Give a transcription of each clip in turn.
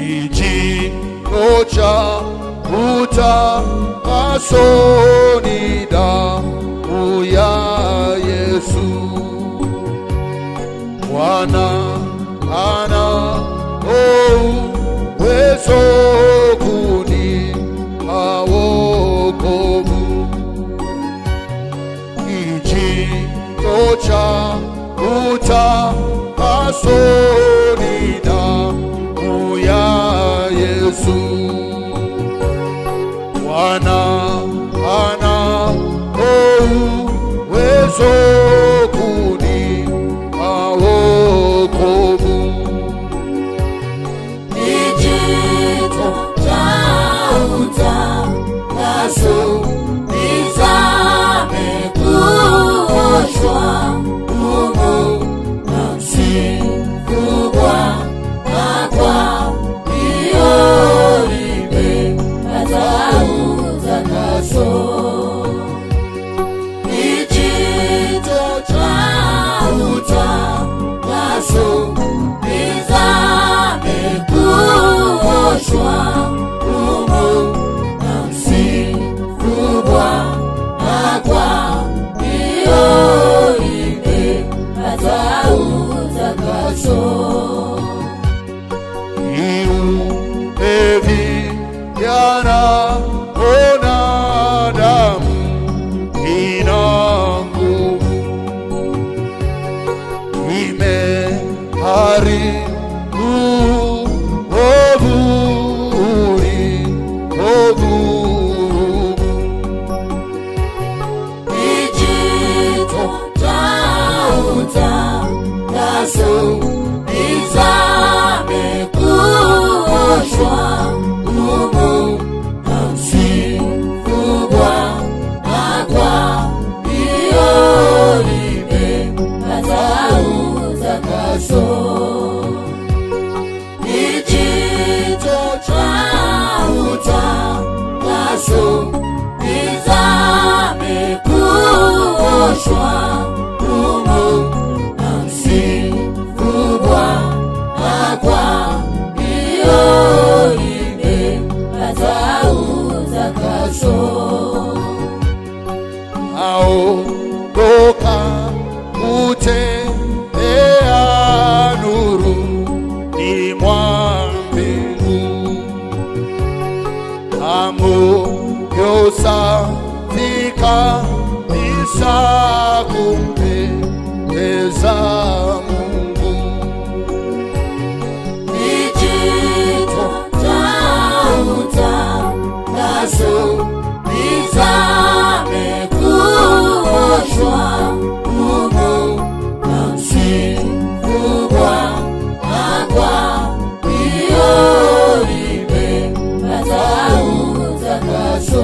kichino cha utakaso ni damu ya Yesu. Bwana ana oh, uwezo kunipa wokovu, kichino cha utakaso Yesu, Bwana ana uwezo kunipa wokovu. Kijito cha utakaso amekuoshwa Mungu amsifu Bwana kwa hiyo imepata uzakasho hao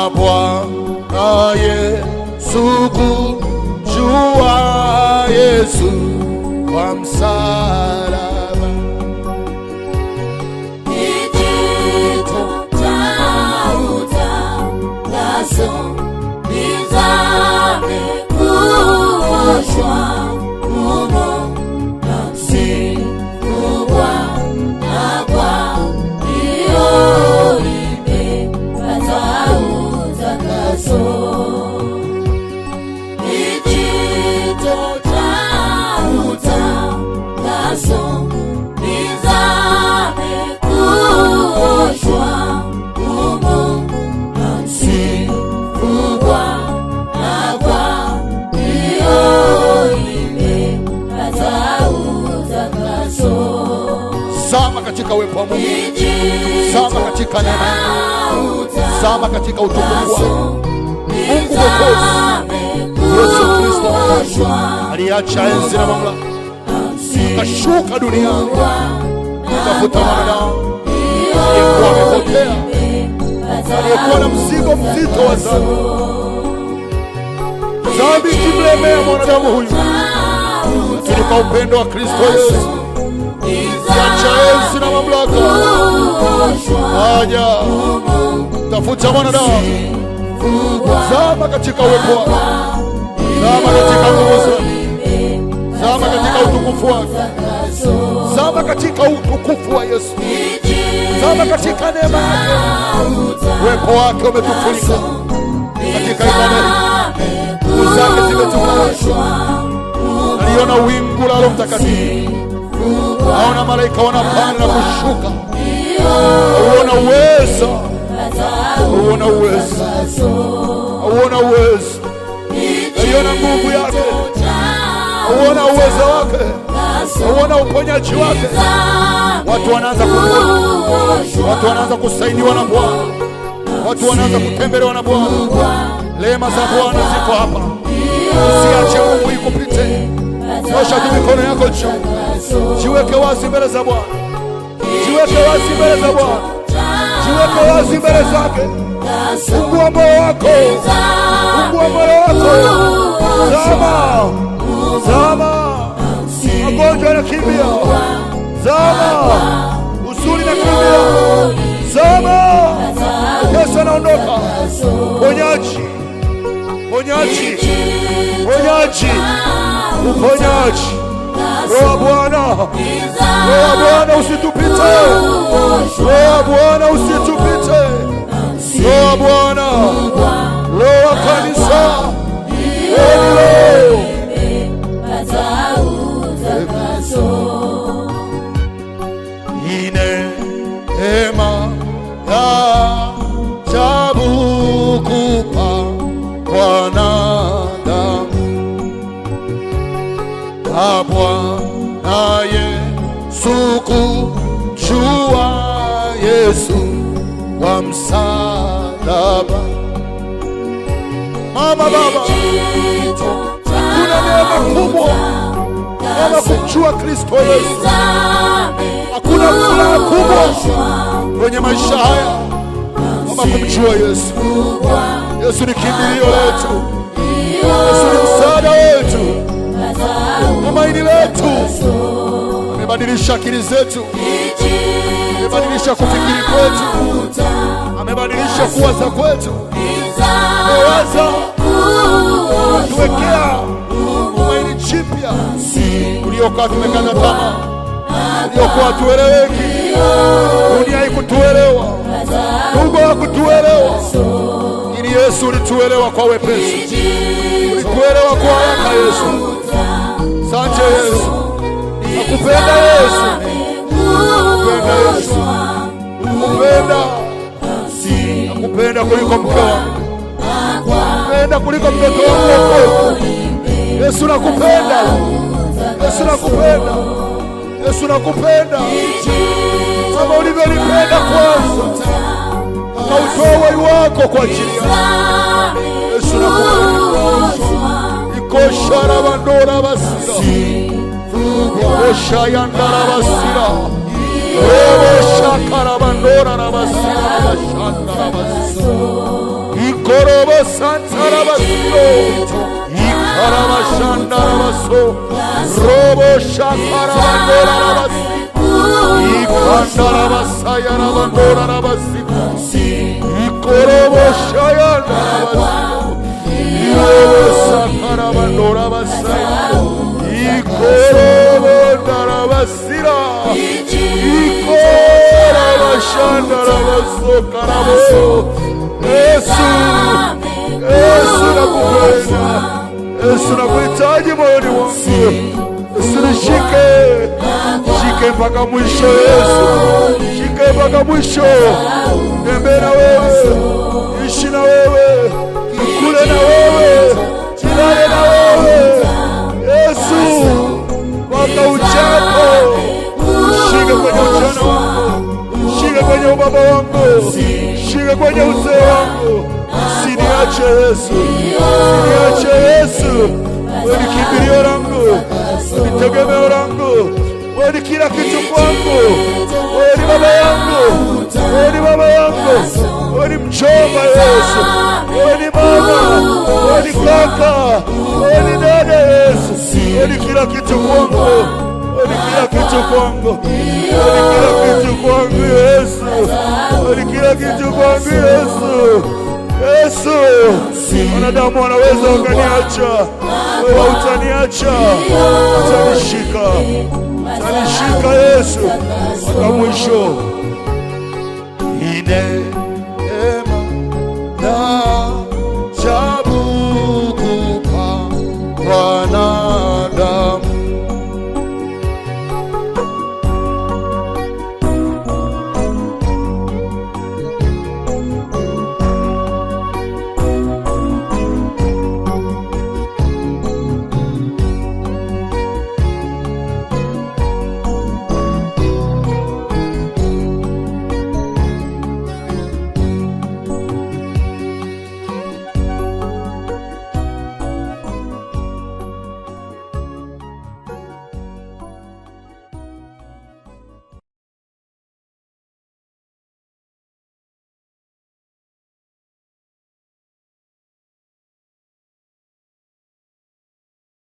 na Bwana Yesu kumjua Yesu kwa msaa Zama katika uwepo wa Mungu, zama katika neema, zama katika utukufu wako. Mungu mwokozi Yesu Kristo aliacha enzi na mamlaka, kashuka duniani kutafuta mwanadamu aliyekuwa amepotea, aliyekuwa na mzigo mzito wa dhambi. Dhambi kimlemea mwanadamu huyu, lakini kwa upendo wa Kristo Yesu acha enzi na mamlaka, aja tafuta mwanadamu Zama katika uwepo wako, zama katika nguvu zako, zama katika utukufu wake, zama katika utukufu wa Yesu, zama katika neema yake. Uwepo wake umetufunika katika imani, nguvu zake zimetuwezesha. Aliona wingu la Roho Mtakatifu, aona malaika wanapanda na kushuka, auona uwezo auona uwezo, hauona uwezo, naiona nguvu yake, auona uwezo wake, auona uponyaji wake. Watu wanaanza kupona, watu wanaanza kusainiwa na Bwana, watu wanaanza kutembelewa na Bwana. Lema za Bwana ziko hapa, usiache nguvu ikupite. Nyosha tu mikono yako juu, jiweke wazi mbele za Bwana, jiweke wazi mbele za Bwana jiweke wazi mbele zake. Fungua moyo wako, fungua moyo wako. Zama, zama, magonjwa yanakimbia. Zama, usuli nakimbia. Zama, mateso anaondoka. Ponyaji, ponyaji, ponyaji, Roho Bwana, Roho Bwana usitupite, Roho Bwana usitupite, Roho Bwana, Roho kanisa Ah, Baba, mama Baba, kuna neema kubwa kama kumjua Kristo Yesu. Hakuna furaha kubwa kwenye maisha haya kama kumjua Yesu. Yesu ni kimbilio letu, Yesu ni msaada wetu, tumaini letu. Amebadilisha akili zetu, amebadilisha kufikiri kwetu amebadilisha kuwa za kwetu eweza kutuwekea tumaini jipya uliokaa tumekata tamaa, uliokuwa hatueleweki, dunia haikutuelewa, Mungu hakutuelewa, lakini Yesu ulituelewa kwa wepesi, ulituelewa kwa haraka. Yesu, sante Yesu, nakupenda Yesu, nakupenda Yesu, nakupenda nakupenda kuliko mke wangu, nakupenda kuliko mtoto wangu. Yesu nakupenda, Yesu nakupenda, Yesu nakupenda kama ulivyolipenda kwanza, akautoa uhai wako kwa ajili yangu. Yesu nakupenda ikoshara vandora basira ikosha yandara basira Robo Shakarabandorabas, Ikandarabasayarabandorabas, Ikorobo Shayandarabas, Irobo Sakarabandorabas, Ikorobo ikorabashandarabasokarabo esu esu nakupenda, Yesu nakuhitaji moyoni mwangu, Yesu nishike, shike mpaka mwisho, Yesu shike mpaka mwisho, tembee na wewe, ishi na wewe, tukule na wewe baba wangu, shika kwenye uzee wangu, usiniache Yesu, usiniache Yesu. Wewe ni kimbilio langu, ni tegemeo langu, wewe ni kila kitu kwangu, wewe ni baba yangu, wewe ni baba yangu, wewe ni mjomba Yesu, wewe ni mama, wewe ni kaka, wewe ni dada Yesu, wewe ni kila kitu kwangu, wewe ni kila kitu kwangu, kila kitu kwangu Yesu, kila kitu kwangu Yesu. Yesu, wanadamu wanaweza wakaniacha, wewe utaniacha, utanishika, utanishika Yesu mpaka mwisho.